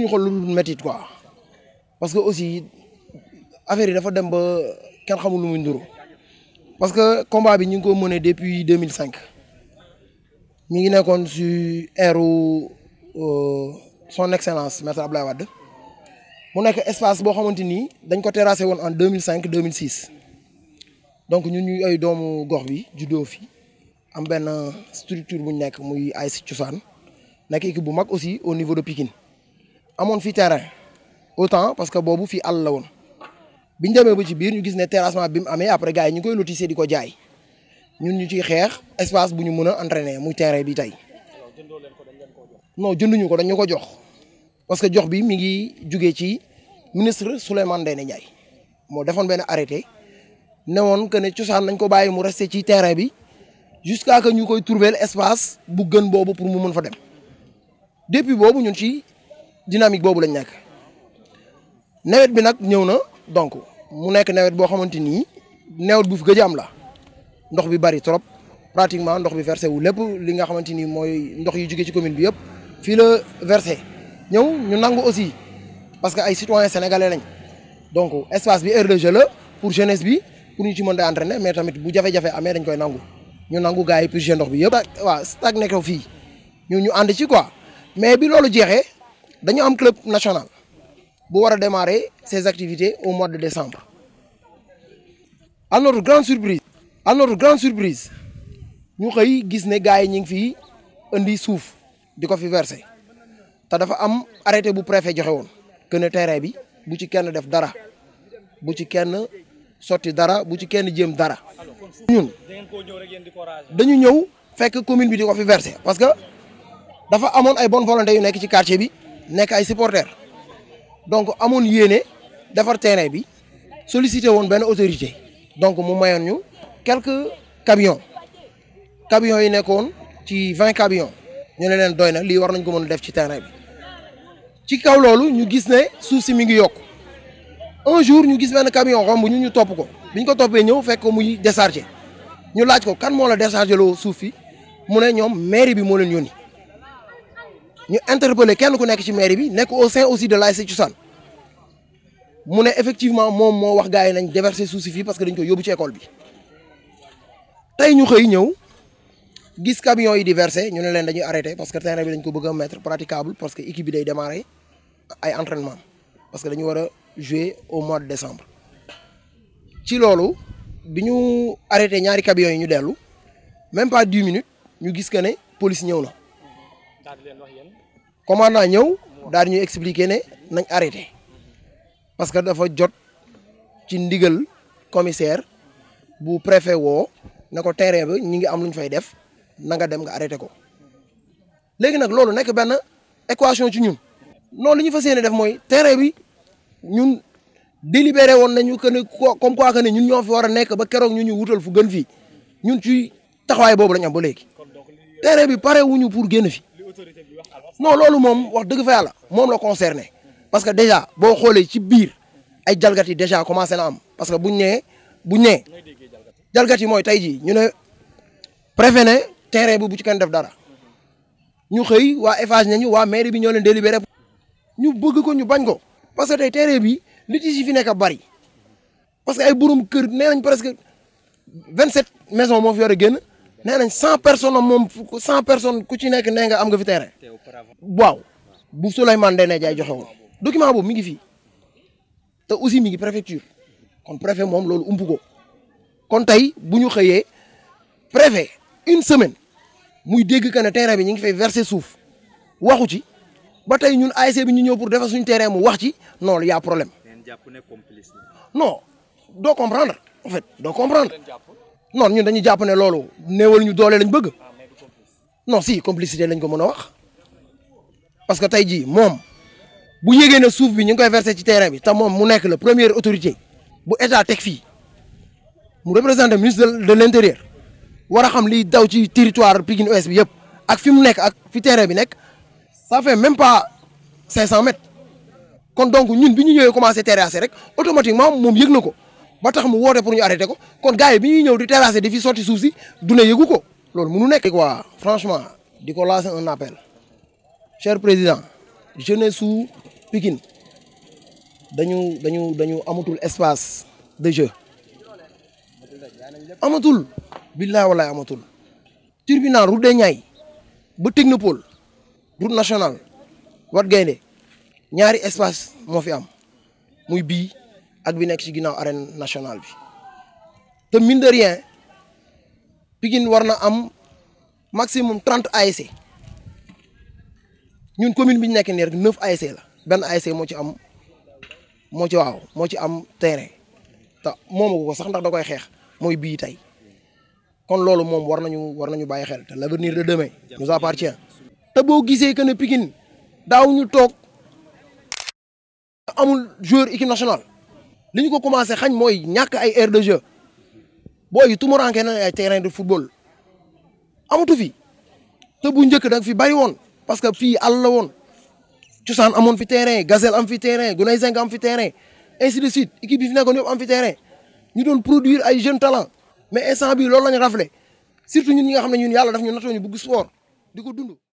suñu xol lu dul métti parce que aussi affaire dafa dem ba kenn xamul lu muy nduru parce que combat bi ñu ngi ko mënee depuis 2005 mi ngi nekkoon si eeru son excellence maître Abdoulaye Wade mu nekk espace boo xamante ni dañ ko terrassé woon en 2005 2006 donc ñu ñuy ay doomu gox bi juddoo fi am benn structure bu ñu nekk muy ASC Cosaan nekk équipe bu mag aussi au niveau de Pikine amoon fi terrain autant parce que boobu fii àll la woon biñ demee ba ci biir ñu gis ne terrassement bi mu amee après gars yi ñu koy lotissé di ko jaay ñun ñu ci xeex espace bu ñu mun a entraîner muy terrain bi tey non jënduñu ko dañu ko jox parce que jox bi mi ngi jugee ci ministre Souleymane Ndéné Ndiaye moo defoon benn arrêté ne woon que ne cosaan nañ ko bàyyi mu resté ci terrain bi jusqu'à que ñu koy trouver espace bu gën boobu pour mu mën fa dem depuis boobu ñun ci dynamique boobu lañ nekk nawet bi nag ñëw na donc mu nekk nawet boo xamante ni nawet bu fi gëj am la ndox bi bari trop pratiquement ndox bi versé wu lépp li nga xamante ni mooy ndox yu jóge ci commune bi yëpp fii la versé ñëw ñu nangu aussi parce que ay citoyens sénégalais lañ donc espace bi aire de jeu pour jeunesse bi pour ñu ci mën a entraîner mais tamit bu jafe-jafe amee dañ koy nangu ñu nangu gars yi purgé ndox bi yëpp. waaw stag nekk fii ñu ñu ànd ci quoi mais bi jeexee. dañu am club national bu war a démarrer ses activités au mois de décembre à notre grande surprise à notre grande surprise ñu xëy gis ne gars yi ñu ngi fi indi suuf di ko fi verser te dafa am arrêté bu préfet joxe woon que ne terrain bi bu ci kenn def dara bu ci kenn sotti dara bu ci kenn jëm dara ñun dañu ñëw fekk commune bi di ko fi verser parce que dafa amoon ay bonne volonté yu nekk ci quartier bi nekk ay supporters donc amoon yéene defar terrain bi sollicité woon benn autorité donc mu mayoon ñu quelques camions camions yi nekk nekkoon ci vingt camions ñu ne leen doy na lii war nañ ko moon a def ci terrain bi ci kaw loolu ñu gis ne suuf si mi ngi yokk un jour ñu gis benn camion romb ñu ñu topp ko bi ñu ko toppee ñëw fekk ko muy décharger ñu laaj ko kan moo la décharger loo suuf fi mu ne ñoom mairie bi moo leen yónni ñu interpeller kenn ku nekk ci mairie bi nekk au sein aussi de l'ASC Cosaan mu ne effectivement moom moo wax gars yi nañ déverser suuf si fii parce que dañ ko yóbbu ci école bi tey ñu xëy ñëw gis camions yi di verser ñu ne leen dañuy arrêté parce que terrain bi dañ ko bëgg a mettre praticable parce que équipe bi day démarrer ay entraînement parce que dañu war a jouer au mois de décembre ci loolu bi ñu arrêté ñaari camions yi ñu dellu même pas dix minutes ñu gis que ne police ñëw na commandant ñëw daal ñuy expliquer ne nañ arrêté parce que dafa jot ci ndigal commissaire bu préfet woo na ko terrain bi ñi ngi am lu ñu fay def na nga dem nga arrêté ko léegi nag loolu nekk benn équation ci ñun noonu li ñu fas yéene def mooy terrain bi ñun délibéré woon nañu que ne comme quoi que ne ñun ñoo fi war nekk ba keroog ñu ñu wutal fu gën fii ñun ci taxawaay boobu lañ am ba léegi terrain bi pare wuñu pour génn fi non loolu moom wax dëgg fa yàlla moom la concerné parce que déjà boo xoolee ci biir ay jalgati déjà commencé na am parce que buñ nee buñ nee jalgati mooy tey jii ñu ne préfet ne terrain bi bu ci kenn def dara ñu xëy waa Eiffage nañu waa mairie bi ñoo leen délibéré ñu bëgg ko ñu bañ ko parce que tey terrain bi li ci si fi nekk bari parce que ay borom kër nee nañ presque vingt sept maison moo fi war a génn nee nañ cent personne moom cent personne ku ci nekk nee am nga fi terrain. waaw bu Souleymane Ndéné Ndiaye joxewul document boobu mi ngi fi te aussi mi ngi préfecture kon préfet moom loolu ump ko kon tey bu ñu xëyee préfet une semaine muy dégg que ne terrain bi ñu ngi fay verser suuf waxu ci ba tey ñun ASC bi ñu ñëw pour defar suñu terrain mu wax ci non y a problème. non doo comprendre en fait doo comprendre. non ñun dañu jàpp ne loolu néewal ñu doole lañ bëgg non si complicité lañ ko mën a wax parce que tey jii moom bu yégee ne suuf bi ñu ngi koy versé ci terrain bi te moom mu nekk la première autorité bu état teg fii mu représenté ministre de l' intérieur war a xam li daw ci territoire Pikine Ouest bi yëpp ak fi mu nekk ak fi terrain bi nekk ça fait même pas 500 mètres kon donc ñun bi ñu ñëwee commencé terrasser rek automatiquement moom yëg na ko. ba tax mu woote pour ñu arrêté ko kon gars bi ñuy ñëw di terrasser di soti sotti suuf si du ne yëgu ko loolu mënu nekk quoi franchement di ko lancer un appel cher président jeunesse su Pikine dañu dañu dañu amatul espace de jeu amatul billaay walaay amatul tribunal route de Niayes ba technopole route nationale Wat Gaynde ñaari espace moo fi am muy bii ak bi nekk ci ginnaaw arène nationale bi te mine de rien Pikine war na am maximum trente ASC ñun commune bi ñu nekk nii rek neuf ASC la benn ASC moo ci am moo ci waaw moo ci am tere te moomagu ko sax ndax da xeex mooy bii tey kon loolu moom war nañu war nañu bàyyi xel te l'avenir de demain nous appartient. te boo gisee que ne pikin daaw ñu toog amul joueur équipe nationale. li ñu ko commencé xañ mooy ñàkk ay aire de jeu booy yi tumuraanke na ay terrain de football amatu fi te bu njëkk da fi bari woon parce que fii àll la woon cosaan amoon fi terrain gazelle am fi terrain gunay zinc am fi terrain ainsi de suite équipe bi fi nekkoon yëpp am fi terrain ñu doon produire ay jeunes talents mais instant bii loolu la ñu rafle surtout ñun ñi nga xam ne ñun yàlla daf ñu natoo ñu bëgg sport di ko dund.